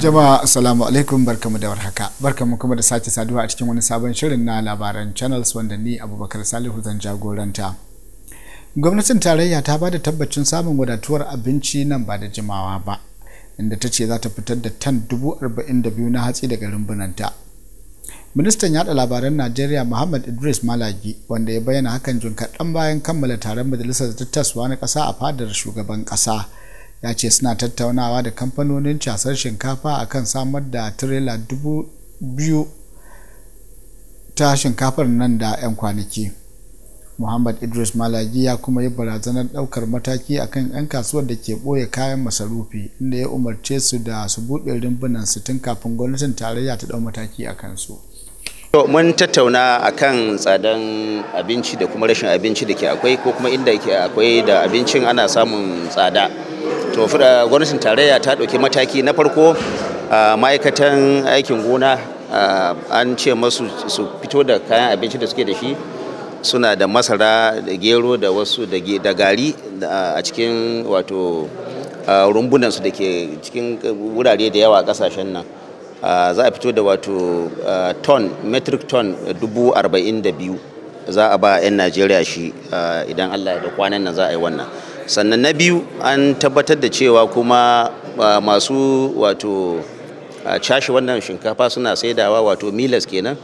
jama'a assalamu alaikum barkamu da warhaka barkamu kuma da sake saduwa a cikin wani sabon shirin na labaran channels wanda ni abubakar salihu zan jagoranta gwamnatin tarayya ta ba da tabbacin samun wadatuwar abinci nan ba da jimawa ba inda ta ce za ta fitar da tan dubu arba'in da biyu na hatsi daga rumbunanta ministan yada labaran najeriya muhammad idris malagi wanda ya bayyana hakan jin kaɗan bayan kammala taron majalisar tattaswa na ƙasa a fadar shugaban ƙasa ya ce suna tattaunawa da kamfanonin casar shinkafa a kan samar da tirela dubu biyu ta shinkafar nan da 'yan kwanaki muhammad idris malagi ya kuma yi barazanar daukar mataki akan 'yan kasuwar da ke ɓoye kayan masarufi inda ya umarce su da su buɗe rumbunan su tun kafin gwamnatin tarayya ta ɗau mataki a kansu mun tattauna akan tsadan abinci da kuma rashin abinci da ke akwai ko kuma inda ke akwai da abincin ana samun tsada to gwamnatin tarayya ta ɗauki mataki na farko ma'aikatan aikin gona an ce masu su fito da kayan abinci da suke da shi suna da masara da gero da wasu da gari a cikin wato rumbunansu da ke cikin wurare da yawa a kasashen nan za a fito da wato ton metric ton dubu arba'in da biyu za a ba 'yan najeriya shi idan allah da kwanan nan za a yi wannan sannan na biyu an tabbatar da cewa kuma masu wato cashe wannan shinkafa suna saidawa wato milas kenan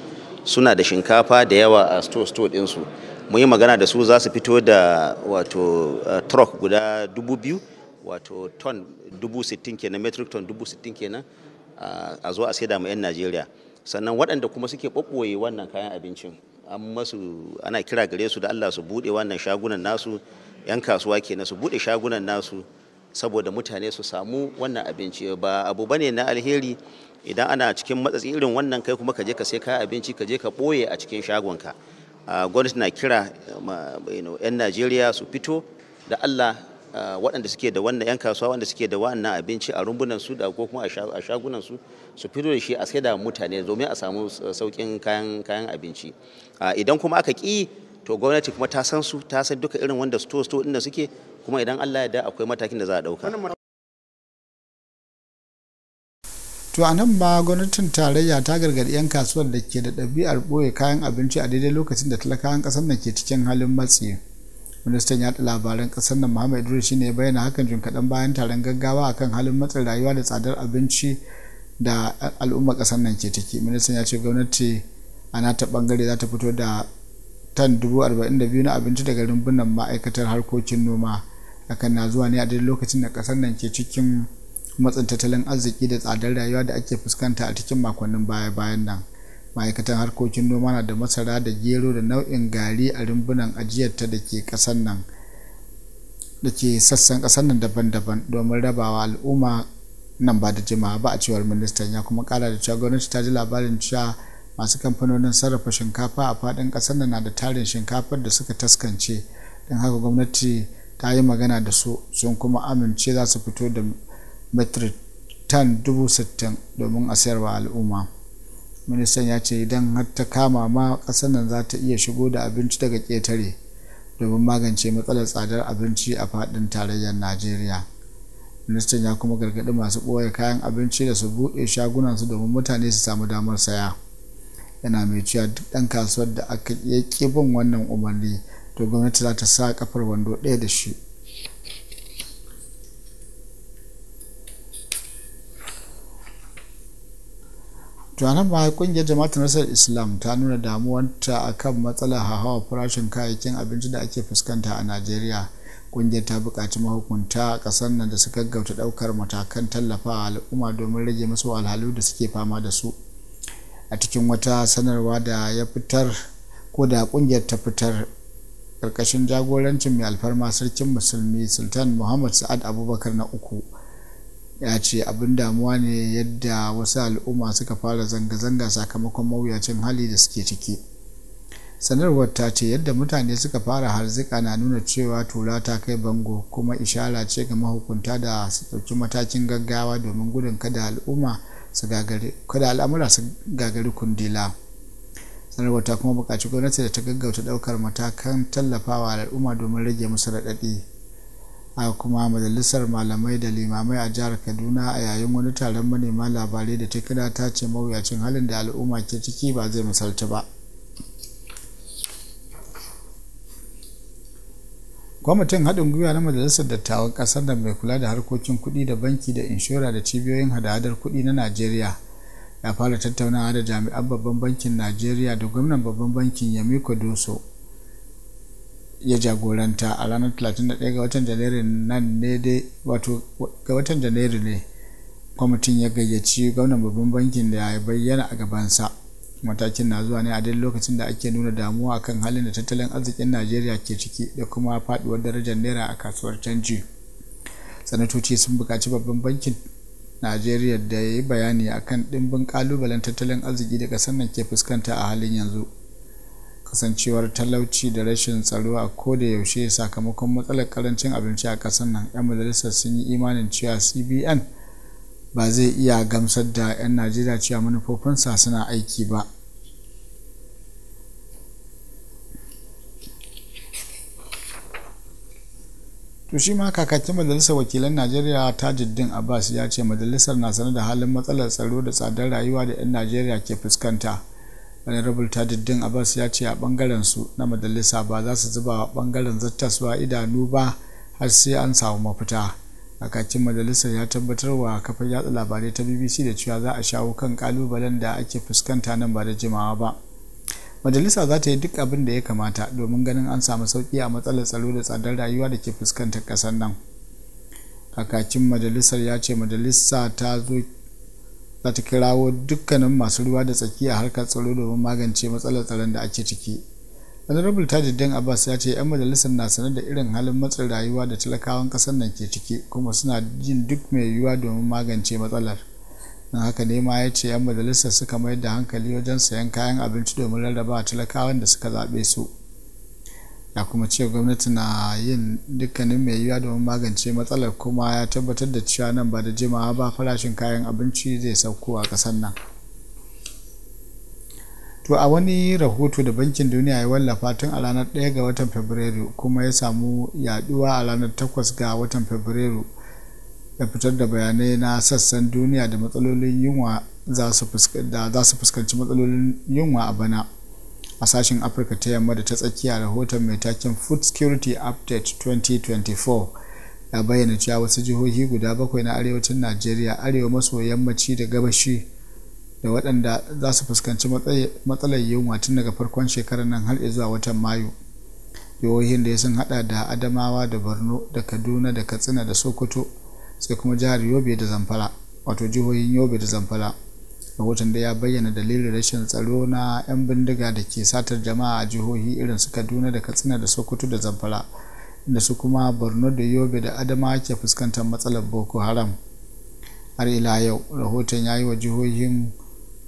suna da shinkafa da yawa a store store ɗinsu mun yi magana da su za su fito da wato truck guda dubu biyu wato ton dubu sittin kenan metric ton dubu sittin kenan a zo a saida ma 'yan najeriya sannan waɗanda kuma suke ɓaɓɓoye wannan kayan abincin an masu ana kira gare su da allah su buɗe wannan shagunan nasu 'yan kasuwa ke su buɗe shagunan nasu saboda mutane su samu wannan abinci ba abu bane na alheri idan ana cikin matsatsi irin wannan kai kuma ka je ka sai kayan abinci ka je ka ɓoye a cikin shagonka gwamnati na kira 'yan najeriya su fito da allah waɗanda suke da wannan 'yan kasuwa waɗanda suke da wannan abinci a rumbunan su da ko kuma a shagunan su su fito da shi a sai mutane domin a samu uh, saukin kayan abinci idan kuma aka ƙi to gwamnati kuma ta san su ta san duka irin wanda sto sto inda suke kuma idan Allah ya da akwai matakin da za a dauka to a nan ma gwamnatin tarayya ta gargaɗi 'yan kasuwar da ke da ɗabi'ar ɓoye kayan abinci a daidai lokacin da talakawan ƙasar nan ke cikin halin matsi ministan yaɗa labaran ƙasar nan muhammad idris shine bayyana hakan jin kaɗan bayan taron gaggawa akan halin matsin rayuwa da tsadar abinci da al'ummar ƙasar nan ke ciki ministan ya ce gwamnati a nata ɓangare za ta fito da tan 42,000 na abinci daga rumbunan ma'aikatar harkokin noma hakan na zuwa ne a duk lokacin da kasar nan ke cikin matsin tattalin arziki da tsadar rayuwa da ake fuskanta a cikin makonnin baya-bayan nan ma'aikatan harkokin noma na da masara da gero da nau'in gari a rumbunan ajiyarta da ke kasar nan da ke sassan kasar nan daban-daban domin rabawa al'umma nan ba da jimawa ba a cewar ministan ya kuma kara da cewa gwamnati ta ji labarin cewa masu kamfanonin sarrafa shinkafa a fadin kasar na da tarin shinkafar da suka taskance don haka gwamnati ta yi magana da su sun kuma amince za su fito da metri tan dubu sittin domin a sayarwa al'umma ministan ya ce idan har ta kama ma kasar nan za ta iya shigo da abinci daga ketare domin magance matsalar tsadar abinci a fadin tarayyar najeriya ministan ya kuma gargaɗi masu ɓoye kayan abinci da su buɗe shagunansu domin mutane su samu damar saya yana mai cewa duk ɗan kasuwar da aka iya bin wannan umarni to gwamnati za ta sa kafar wando ɗaya da shi tunanin ba kungiyar jama'atar nasarar islam ta nuna a kan matsalar hawa farashin kayayyakin abinci da ake fuskanta a najeriya kungiyar ta buƙaci mahukunta a ƙasar nan da su gaggauta ɗaukar matakan tallafa al'umma domin rage masu alhalu da suke fama da su a cikin wata sanarwa da ya fitar ko da kungiyar ta fitar karkashin jagorancin mai alfarma sarkin musulmi sultan muhammad sa'ad abubakar na uku ya ce abin damuwa ne yadda wasu al'umma suka fara zanga-zanga sakamakon mawuyacin hali da suke ciki sanarwar ta ce yadda mutane suka fara harzika na nuna cewa tura ta kai bango kuma ishara ce ga mahukunta da su dauki matakin gaggawa domin gudun kada al'umma kada al'amura su gagari kundila sanarwar ta kuma bukaci gwamnati da ta gaggauta ɗaukar matakan tallafawa al'umma domin rage musu raɗaɗi a kuma majalisar malamai da limamai a jihar kaduna a yayin wani taron manema labarai da ta kira ta ce mawuyacin halin da al'umma ke ciki ba zai misalta ba kwamitin haɗin gwiwa na majalisar dattawan ƙasar da mai kula da harkokin kuɗi da banki da inshora da cibiyoyin hada-hadar kuɗi na najeriya ya fara tattaunawa da jami'an babban bankin najeriya da gwamnan babban bankin yamiko doso ya jagoranta a ranar 31 ga watan janairu nan ne dai wato ga watan janairu ne kwamitin ya gayyaci gwamnan babban bankin da ya bayyana a gabansa matakin na zuwa ne a duk lokacin da ake nuna damuwa akan halin da tattalin arzikin najeriya ke ciki da kuma faduwar darajar naira a kasuwar canji sanatoci sun buƙaci babban bankin najeriya da ya yi bayani akan ɗimbin ƙalubalen tattalin arziki da ƙasar nan ke fuskanta a halin yanzu kasancewar talauci da rashin tsaro a koda yaushe sakamakon matsalar karancin abinci a ƙasar nan 'yan majalisar sun yi imanin cewa cbn ba zai iya gamsar da 'yan najeriya cewa manufofinsa suna aiki ba to shi ma kakakin majalisar wakilan najeriya tajuddin abbas ya ce majalisar na sanar da halin matsalar tsaro da tsadar rayuwa da 'yan najeriya ke fuskanta honorable tajuddin abbas ya ce a bangaren su na majalisa ba za su zuba bangaren zattaswa idanu ba har sai an samu mafita kakakin majalisar ya tabbatar wa kafar yatsa labarai ta bbc da cewa za a shawo kan kalubalen da ake fuskanta nan ba da jimawa ba majalisa za ta yi duk abin da ya kamata domin ganin an samu sauki a matsalar tsaro da tsadar rayuwa da ke fuskantar kasar nan kakakin majalisar ya ce majalisa ta zo za ta kirawo dukkanin masu ruwa da tsaki a harkar tsaro domin magance matsalar tsaron da ake ciki honorable tajiddin abbas ya ce 'yan majalisar na sanar da irin halin matsin rayuwa da talakawan ƙasar nan ke ciki kuma suna jin duk mai yiwuwa domin magance matsalar na haka ne ma ya ce 'yan majalisar suka mayar da hankali wajen sayan kayan abinci domin rarraba talakawan da suka zaɓe su ya kuma ce gwamnati na yin dukkanin mai yiwuwa domin magance matsalar kuma ya tabbatar da cewa nan ba da jimawa ba farashin kayan abinci zai sauko a ƙasar nan to a wani rahoto da bankin duniya ya wallafa tun a ranar 1 ga watan fabrairu kuma ya samu yaduwa a ranar 8 ga watan fabrairu ya fitar da bayanai na sassan duniya da matsalolin yunwa za su fuskanci matsalolin yunwa a bana a sashen afirka ta yamma da ta tsakiya rahoton mai taken food security update 2024 ya bayyana cewa wasu jihohi guda bakwai na arewacin najeriya arewa maso yammaci da gabashi da waɗanda za su fuskanci matsalar yunwa tun daga farkon shekarar nan har zuwa watan mayu jihohin da ya sun hada da adamawa da borno da kaduna da katsina da sokoto sai kuma jihar yobe da zamfara wato jihohin yobe da zamfara rahoton da ya bayyana dalilin rashin tsaro na 'yan bindiga da ke satar jama'a a jihohi irin su kaduna da katsina da sokoto da zamfara inda su kuma borno da yobe da adama ke fuskantar matsalar boko haram har ila yau rahoton ya yi wa jihohin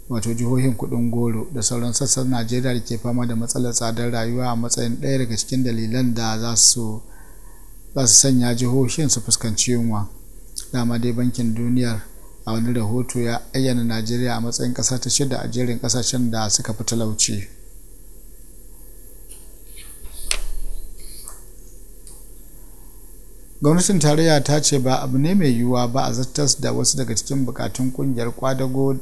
wato jihohin kudin goro da sauran sassan najeriya da ke fama da matsalar tsadar rayuwa a matsayin ɗaya daga cikin dalilan da za su sanya jihohin su fuskanci yunwa dama dai bankin duniyar a wani rahoto ya ayyana najeriya a matsayin ƙasa ta shida a jerin ƙasashen da suka fi talauci gwamnatin tarayya ta ce ba abu ne mai yiwuwa ba a zartas da wasu daga cikin bukatun kungiyar kwadago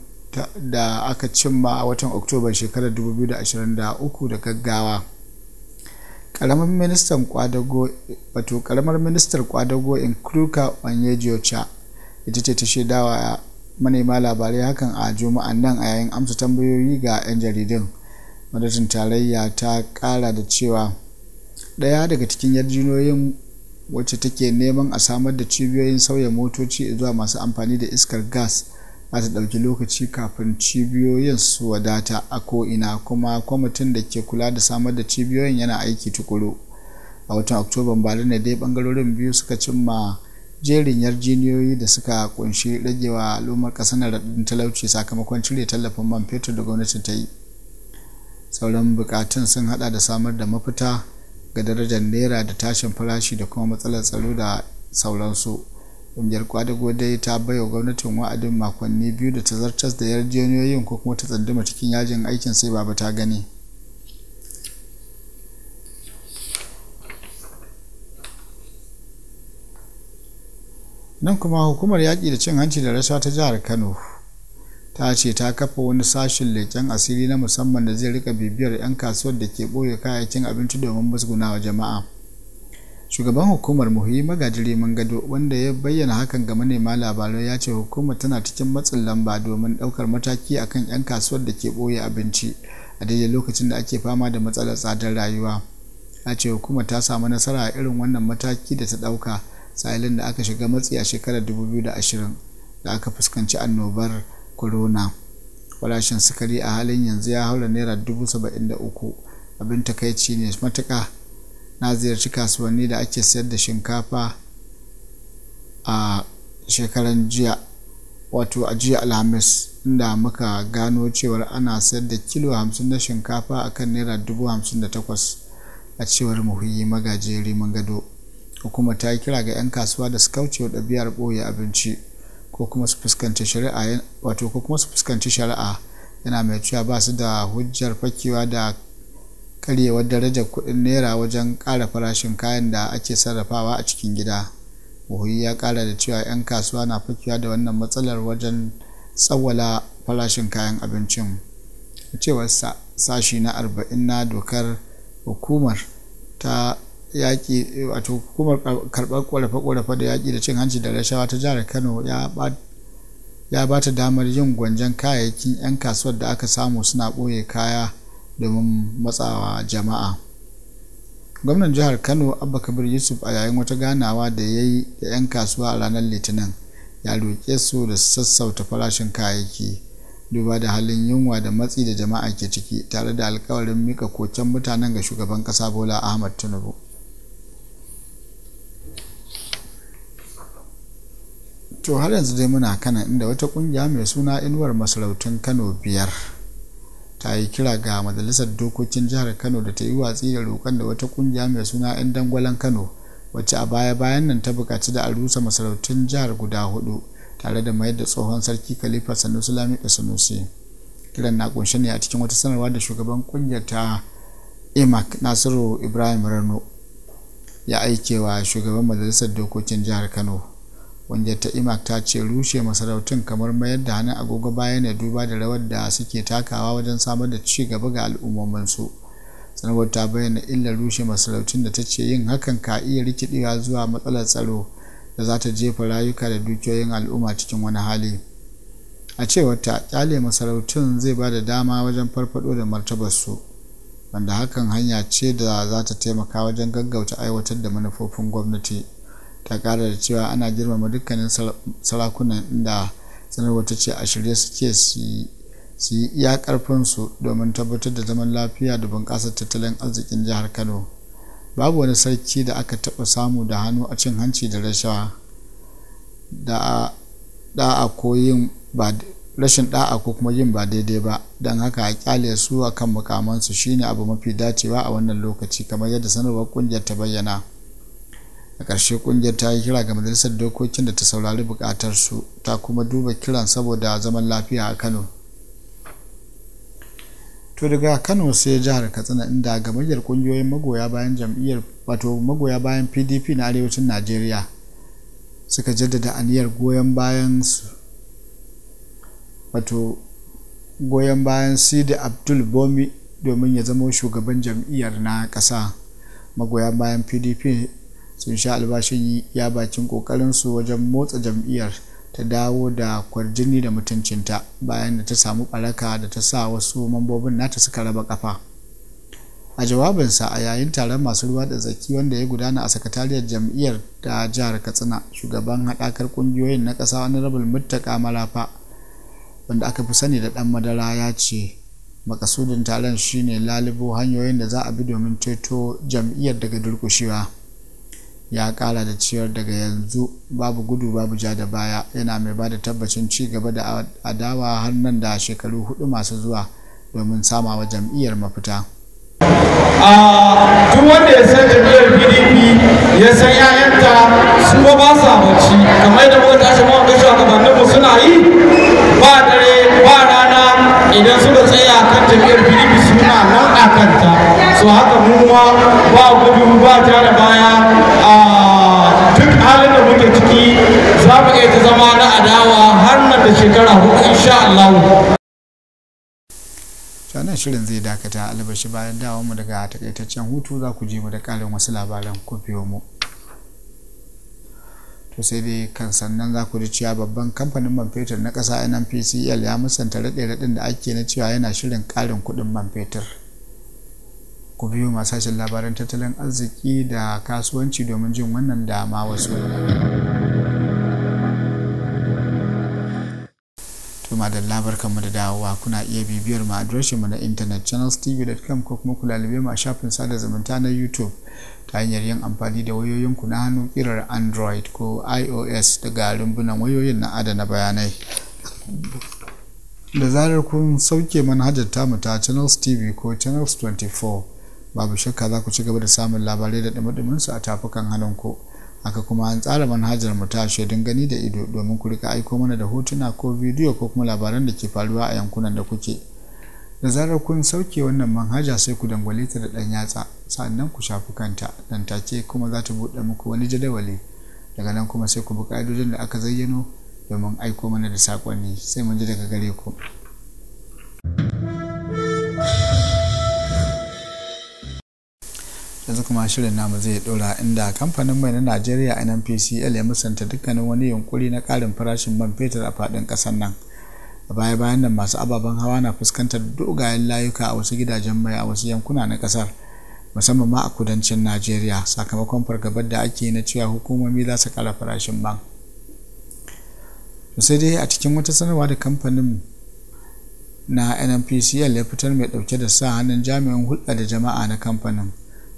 da aka cimma a watan oktoba shekarar 2023 da gaggawa karamar ministan kwadago wato karamar ministar kwadago in nkrumah onyejocha ita ce ta shaidawa manema labarai hakan a juma'an nan a yayin amsa tambayoyi ga 'yan jaridun madadin tarayya ta kara da cewa daya daga cikin yarjinoyin wacce take neman a samar da cibiyoyin sauya motoci zuwa masu amfani da iskar gas za ta ɗauki lokaci kafin cibiyoyin su wadata a ko'ina kuma kwamitin da ke kula da samar da cibiyoyin yana aiki tukuru a watan oktoban da ne dai bangarorin biyu suka cimma jerin yarjiniyoyi da suka kunshi ragewa al'ummar ƙasar na raɗin talauci sakamakon cire tallafin man fetur da gwamnati ta yi sauran bukatun sun haɗa da samar da mafita ga darajar naira da tashin farashi da kuma matsalar tsaro da sauransu ƙungiyar kwadago dai ta bai wa gwamnatin wa'adin makonni biyu da ta zartas da yarjejeniyoyin ko kuma ta tsanduma cikin yajin aikin sai ba ta gani nan kuma hukumar yaƙi da cin hanci da rashawa ta jihar kano ta ce ta kafa wani sashin leƙen asiri na musamman da zai rika bibiyar 'yan kasuwar da ke ɓoye kayayyakin abinci domin musguna wa jama'a shugaban hukumar muhi magajiri mun gado wanda ya bayyana hakan ga manema labarai ya ce hukumar tana cikin matsin lamba domin daukar mataki akan 'yan kasuwar da ke boye abinci a daidai lokacin da ake fama da matsalar tsadar rayuwa ya ce hukumar ta samu nasara a irin wannan mataki da ta dauka sa'ilin da aka shiga matsi a shekarar 2020 da aka fuskanci annobar corona farashin sukari a halin yanzu ya haura naira 73 abin takaici ne matuka na ziyarci kasuwanni da ake sayar da shinkafa a shekaran jiya wato a jiya alhamis inda muka gano cewar ana sayar da kilo 50 na shinkafa a kan naira 58 a cewar muhuyi magajeri mun gado hukuma ta yi kira ga 'yan kasuwa da su kauce wa ɗabi'ar ɓoye abinci ko kuma su fuskanci shari'a ko kuma su fuskanci shari'a yana mai cewa ba su da hujjar fakewa da karyewar darajar kuɗin naira wajen ƙara farashin kayan da ake sarrafawa a cikin gida buhuyi ya kara da cewa 'yan kasuwa na fakewa da wannan matsalar wajen tsawwala farashin kayan abincin a cewar sashi na arba'in na dokar hukumar ta yaki wato hukumar karɓar ƙorafe-ƙorafe da yaki da cin hanci da rashawa ta jihar kano ya ya ba ta damar yin gwanjan kayayyakin 'yan kasuwar da aka samu suna ɓoye kaya domin matsawa jama'a gwamnan jihar kano abba kabir yusuf a yayin wata ganawa da ya yi da 'yan kasuwa a ranar litinin ya roƙe su da sassauta farashin kayayyaki duba da halin yunwa da matsi da jama'a ke ciki tare da alkawarin mika koken mutanen ga shugaban ƙasa bola ahmad tinubu to har yanzu dai muna kana inda wata ƙungiya mai suna inuwar masarautun kano biyar ta yi kira ga majalisar dokokin jihar kano da ta yi watsi da roƙon da wata kungiya mai suna 'yan dangwalen kano wacce a baya bayan nan ta buƙaci da a rusa masarautun jihar guda hudu tare da mayar da tsohon sarki khalifa sanusi da sanusi kiran na kunshe ne a cikin wata sanarwa da shugaban kungiyar ta imac nasiru ibrahim rano ya aikewa shugaban majalisar dokokin jihar kano wanda ta imak ta ce rushe masarautun kamar mayar da hannun agogo baya ne duba da rawar da suke takawa wajen samar da ci gaba ga al'ummominsu sanarwar ta bayyana illar rushe masarautun da ta ce yin hakan ka iya rikidewa zuwa matsalar tsaro da za ta jefa rayuka da dukiyoyin al'umma cikin wani hali a cewar ta kyale masarautun zai ba da dama wajen farfado da martabarsu wanda hakan hanya ce da za ta taimaka wajen gaggauta aiwatar da manufofin gwamnati ta kara da cewa ana girmama dukkanin sarakunan inda sanarwar ta ce a shirye suke su yi iya karfinsu domin tabbatar da zaman lafiya da bunƙasar tattalin arzikin jihar kano babu wani sarki da aka taba samu da hannu a cin hanci da rashawa da a rashin da'a ko kuma yin ba daidai ba don haka a kyale su a kan mukamansu shine abu mafi dacewa a wannan lokaci kamar yadda sanarwar kungiyar ta bayyana a ƙarshe ƙungiyar ta yi kira ga majalisar dokokin da ta saurari buƙatar su ta kuma duba kiran saboda zaman lafiya a kano to daga kano sai jihar katsina inda gamayyar ƙungiyoyin magoya bayan jam'iyyar wato magoya bayan pdp na arewacin najeriya suka jaddada aniyar goyon bayan su wato goyon bayan sidi abdul bomi domin ya zama shugaban jam'iyyar na ƙasa magoya bayan pdp sun sha albashin ya bakin kokarinsu wajen motsa jam'iyyar ta dawo da kwarjini da mutuncinta bayan da ta samu ɓaraka da ta sa wasu mambobin nata suka raba kafa a jawabinsa a yayin taron masu ruwa da zaki wanda ya gudana a sakatariyar jam'iyyar ta jihar katsina shugaban haɗakar ƙungiyoyin na ƙasa rabin muttaka malafa wanda aka fi sani da ɗan madara ya ce makasudin taron shine lalibo hanyoyin da za a bi domin ceto jam'iyyar daga durƙushewa ya kara da ciyar daga yanzu babu gudu babu ja da baya yana mai ba da tabbacin ci gaba da adawa har nan da shekaru hudu masu zuwa domin sama wa jam'iyyar mafita a duk wanda ya san jam'iyyar pdp ya san yayanta su ba sa bacci kamar da muka tashi mawa gashi a gabaninmu suna yi idan suka tsaya kan tafiyar pdp suna nan a kanta so haka kuma ba ba gudu ba ta da baya a duk halin da muke ciki za mu iya ta zama na adawa har na da shekara hudu insha Allah sannan shirin zai dakata albashi bayan dawon mu daga takaitaccen hutu za ku ji mu da ƙarin wasu labaran ku mu to sai dai kan sannan za ku ji cewa babban kamfanin man fetur na ƙasa nnpcl ya musanta raɗe-raɗin da ake na cewa yana shirin ƙarin kuɗin man fetur ku biyo masashen labaran tattalin arziki da kasuwanci domin jin wannan dama wasu da labar kanmu da dawowa kuna iya bibiyar mu adireshin mu na intanet channelstv.com ko kuma ku lalube mu a shafin sada zumunta na youtube ta hanyar yin amfani da wayoyinku na hannu kirar android ko ios daga rumbunan wayoyin na adana bayanai da zarar kun sauke manhajar tamu ta channels tv ko channels 24 babu shakka za ku ci gaba da samun labarai da dumi su a tafukan hannun hannunku haka kuma an tsara manhajar mu ta don gani da ido domin ku rika aiko mana da hotuna ko bidiyo ko kuma labaran da ke faruwa a yankunan da kuke da zarar kun sauke wannan manhaja sai ku dangwale ta da ɗan yatsa sannan ku shafi kanta dan take kuma za ta buɗe muku wani jadawali daga nan kuma sai ku bi ka'idojin da aka zayyano domin aiko mana da sakonni sai mun ji daga gare ku yanzu kuma shirin namu zai dora inda kamfanin mai na najeriya nnpcl ya musanta dukkanin wani yunkuri na karin farashin man fetur a fadin kasar nan a baya bayan nan masu ababen hawa na fuskantar dogayen layuka a wasu gidajen mai a wasu yankuna na kasar musamman ma a kudancin najeriya sakamakon fargabar da ake na cewa hukumomi za su kara farashin man sai dai a cikin wata sanarwa da kamfanin na nnpcl ya fitar mai dauke da sa hannun jami'in hulɗa da jama'a na kamfanin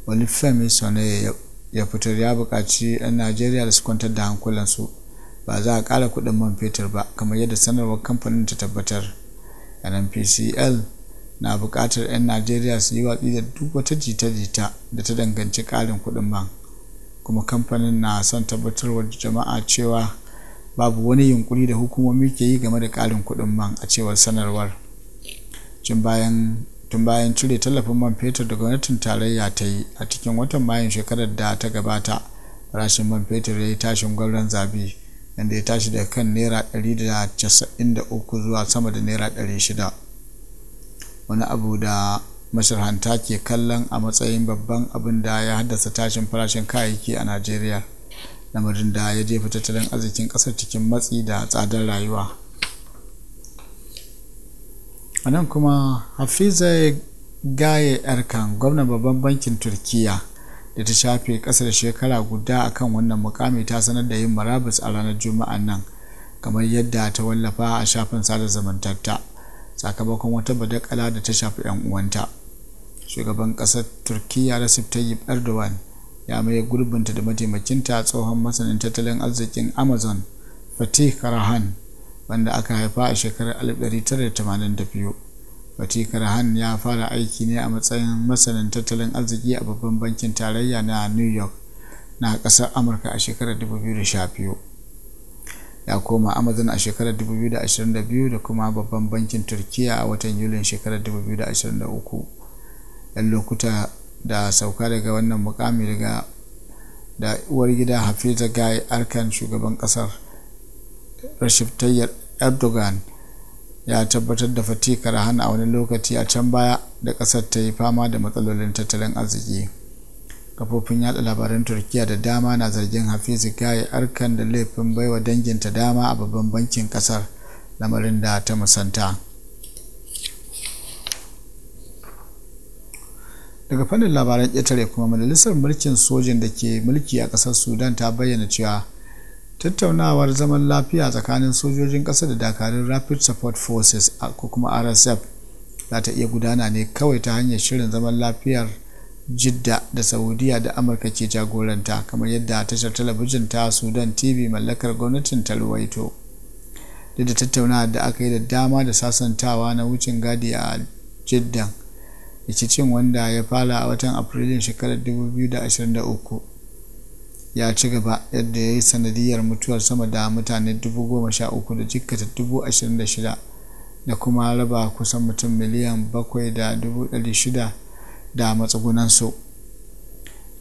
wani femi ne ya fitar ya buƙaci 'yan najeriya da su kwantar da hankulansu ba za a ƙara kuɗin man fetur ba kamar yadda sanarwar kamfanin ta tabbatar nnpcl na buƙatar 'yan najeriya su yi watsi da duk wata jita-jita da ta danganci ƙarin kuɗin man kuma kamfanin na son tabbatarwa jama'a cewa babu wani yunkuri da hukumomi ke yi game da ƙarin kuɗin man a cewar sanarwar jin bayan tun bayan cire tallafin man fetur da gwamnatin tarayya ta yi a cikin watan mayun shekarar da ta gabata farashin man fetur ya yi tashin gwamnan zabi inda ya tashi daga kan naira ɗari da da casa'in uku zuwa sama da naira ɗari shida. wani abu da mashirhanta ke kallon a matsayin babban abin da ya haddasa tashin farashin kayayyaki a najeriya lamarin da ya jefa tattalin arzikin ƙasar cikin matsi da tsadar rayuwa a nan kuma hafiza gaye erkan gwamnan babban bankin turkiya da ta shafe kasar shekara guda a kan wannan mukami ta sanar da yin marabus a ranar juma'a nan kamar yadda ta wallafa a shafin sada zamantarta sakamakon wata badakala da ta shafi 'yan uwanta shugaban kasar turkiya recep tayyip erdogan ya maye gurbinta da mataimakinta tsohon masanin tattalin arzikin amazon fatih karahan wanda aka haifa a shekarar 1982 batikar han ya fara aiki ne a matsayin masanin tattalin arziki a babban bankin tarayya na new york na ƙasar amurka a shekarar 2012 ya koma amazon a shekarar 2022 da kuma babban bankin turkiya a watan yulin shekarar 2023 yan lokuta da sauka daga wannan mukami daga da uwar gida hafiza gai arkan shugaban kasar Recep Tayyip Erdogan ya tabbatar da fatikar hana a wani lokaci a can baya da ƙasar ta yi fama da matsalolin tattalin arziki. Kafofin yada labaran Turkiya da dama na zargin hafiz Gaye Arkan da laifin baiwa danginta dama a babban bankin ƙasar lamarin da ta musanta. daga fannin labaran ƙetare kuma majalisar mulkin sojin da ke mulki a ƙasar sudan ta bayyana cewa tattaunawar zaman lafiya tsakanin sojojin ƙasa da dakarun rapid support forces ko kuma rsf za ta iya gudana ne kawai ta hanyar shirin zaman lafiyar jidda da saudiya da amurka ke jagoranta kamar yadda tashar talabijin ta sudan tv mallakar gwamnatin ta ruwaito duk da tattaunawa da aka yi da dama da sasantawa na wucin gadi a jiddan rikicin wanda ya fara a watan afrilun shekarar 2023 ya ci gaba yadda ya yi sanadiyar mutuwar sama da mutane 13,000 da jikata 26,000 da kuma raba kusan mutum miliyan 7,600 da matsugunansu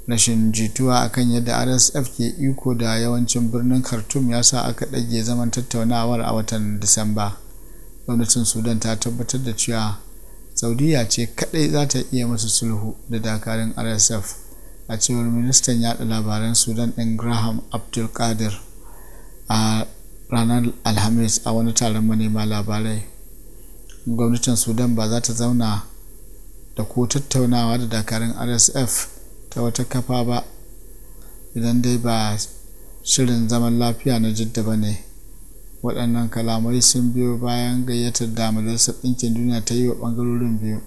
rashin jituwa akan yadda rsf ke iko da yawancin birnin khartoum ya sa aka ɗage zaman tattaunawar a watan disamba gwamnatin sudan ta tabbatar da cewa saudiya ce kaɗai za ta iya masu sulhu da dakarun rsf a cewar ministan yada labaran sudan ɗin graham abdulkadir a ranar alhamis a wani taron manema labarai gwamnatin sudan ba za ta zauna da ko tattaunawa da dakarun rsf ta wata kafa ba idan dai ba shirin zaman lafiya na jidda ba ne waɗannan kalamai sun biyo bayan gayyatar da majalisar ɗinkin duniya ta yi wa ɓangarorin biyu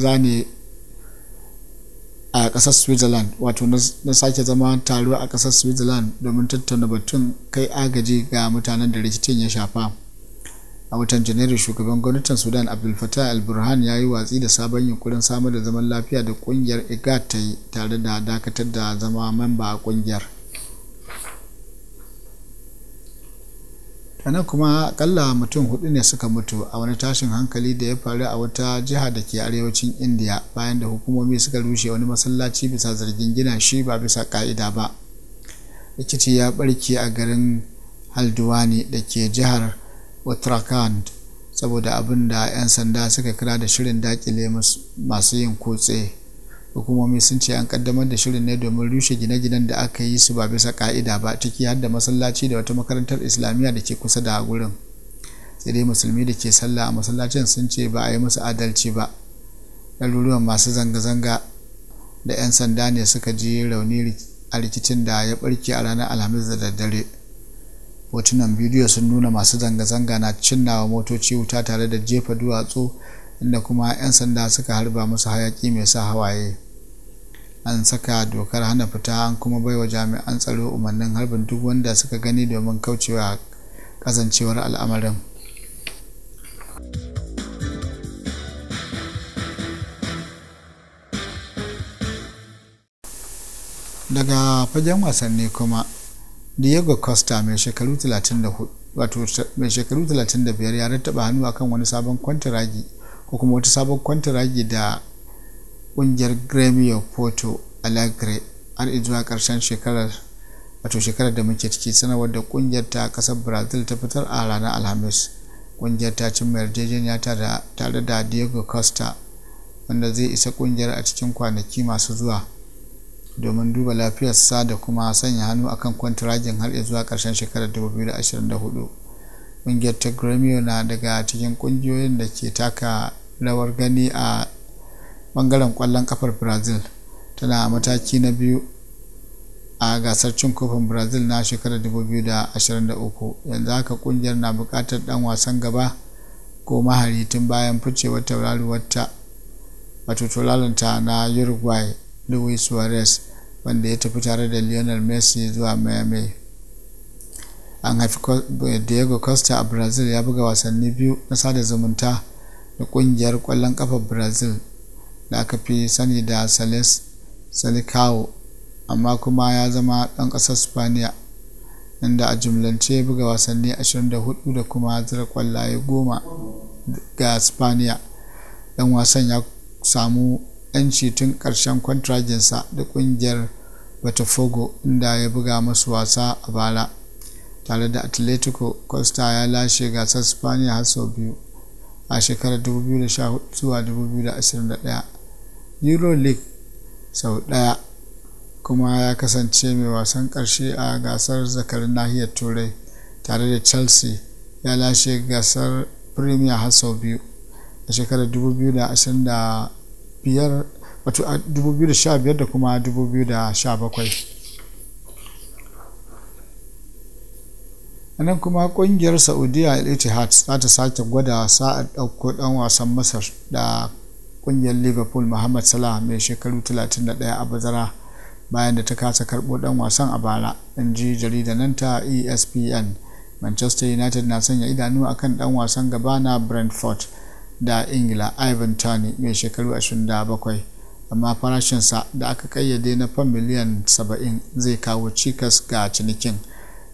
zane a kasar switzerland wato na sake zama taro a kasar switzerland domin tattauna batun kai agaji ga mutanen da rikicin ya shafa a watan janairu shugaban gwamnatin sudan abdul fattah al-burhan ya yi watsi da sabon yunkurin samar da zaman lafiya da ƙungiyar igat ta yi tare da dakatar da zama memba a ƙungiyar. nan kuma akalla mutum hudu ne suka mutu a wani tashin hankali da ya faru a wata jiha da ke arewacin indiya bayan da hukumomi suka rushe wani masallaci bisa zargin gina shi ba bisa ka'ida ba rikici ya barke a garin halduwani da ke jihar uttarakhand saboda abin da 'yan sanda suka kira da shirin dakile masu yin kutse hukumomi sun ce an kaddamar da shirin ne domin rushe gine-ginen da aka yi su ba bisa ka'ida ba ciki har da masallaci da wata makarantar islamiyya da ke kusa da gurin sai dai musulmi da ke sallah a masallacin sun ce ba a yi musu adalci ba ɗaruruwan masu zanga-zanga da 'yan sanda ne suka ji rauni a rikicin da ya barke a ranar alhamis da daddare hotunan bidiyo sun nuna masu zanga-zanga na cinnawa motoci wuta tare da jefa duwatsu inda kuma 'yan sanda suka harba musu hayaki mai sa hawaye an saka dokar hana fita an kuma baiwa jami'an tsaro umarnin harbin duk wanda suka gani domin kaucewa kasancewar al'amarin daga fagen wasanni kuma diego costa mai shekaru 34 ya rattaba hannu akan wani sabon kwantaragi ko kuma wata sabon kwantaragi da kungiyar gremio porto alegre har zuwa karshen shekarar wato shekarar da muke ciki sanarwar da kungiyar ta kasar brazil ta fitar a ranar alhamis kungiyar ta cin mai yarjejeniya tare da diego costa wanda zai isa kungiyar a cikin kwanaki masu zuwa domin duba lafiyarsa da kuma sanya hannu akan kwantiragin har zuwa karshen shekarar 2024 kungiyar ta gremio na daga cikin kungiyoyin da ke taka rawar gani a bangaren kwallon kafar brazil tana mataki na biyu a gasar cin kofin brazil na shekarar 2023 yanzu haka kungiyar na bukatar dan wasan gaba ko mahari tun bayan ficewar tauraruwarta wato tauraronta na uruguay luis suarez wanda ya tafi tare da lionel messi zuwa miami an haifi diego costa a brazil ya buga wasanni biyu na sada zumunta da kungiyar kwallon kafa brazil da aka fi sani da sales salikawo amma kuma ya zama ɗan ƙasar spaniya inda a jumlance buga wasanni 24 da kuma zira kwallaye 10 ga spaniya ɗan wasan ya samu 'yanci tun ƙarshen kwantrajinsa da ƙungiyar botafogo inda ya buga masu wasa a bara tare da atletico costa ya lashe gasar spaniya har sau biyu a shekarar 2014 zuwa 2021 euroleague sau ɗaya kuma ya kasance mai wasan ƙarshe a gasar zakar nahiyar turai tare da chelsea ya lashe gasar premier har sau biyu a shekarar 2015 da kuma 2017 anan kuma kungiyar saudiya al-ittihad za ta sake gwada sa'ad ɗauko ɗan wasan masar da kungiyar liverpool muhammad salah mai shekaru 31 a bazara bayan da ta kasa karbo dan wasan a bara in ji jaridananta nan ta espn manchester united na sanya idanu akan dan wasan gaba na brentford da ingila ivan tani mai shekaru 27 amma farashinsa da aka kayyade na fam miliyan 70 zai kawo cikas ga cinikin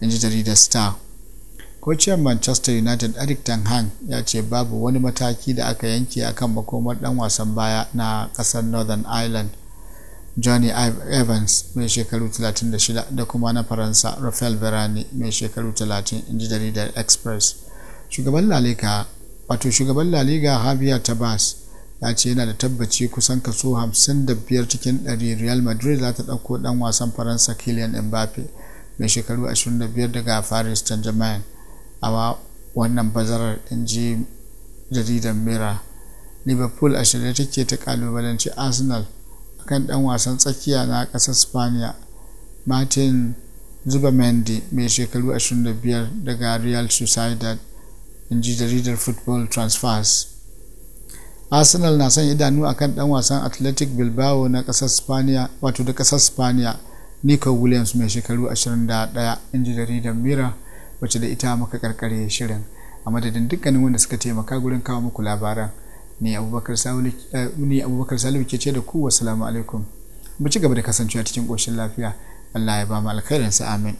in ji jaridar star kociyar manchester united eric ten hag ya ce babu wani mataki da aka yanke a kan makomar dan wasan baya na kasar northern ireland johnny evans mai shekaru 36 da kuma na faransa rafael varane mai shekaru 30 inji jaridar express shugaban lalika wato shugaban laliga javier tabas ya ce yana da tabbaci kusan kaso 55 cikin 100 real madrid za ta ɗauko ɗan wasan faransa kylian mbappe mai shekaru 25 daga paris saint-germain a wannan bazarar in ji jaridar mira liverpool a shirye take ta kalubalanci arsenal kan dan wasan tsakiya na kasar spaniya martin zubamendi mai shekaru 25 daga real sociedad in ji jaridar football transfers arsenal na son idanu akan dan wasan athletic bilbao na kasar spania wato da kasar spaniya nico williams mai shekaru 21 in ji jaridar mira wacce da ita muka karkare shirin a madadin dukkanin wanda suka taimaka gurin kawo muku labaran ni abubakar salihu eh, ke ce da ku wasalamu alaikum mu ci gaba da kasancewa cikin koshin lafiya allah ya ba mu alkhairinsa amin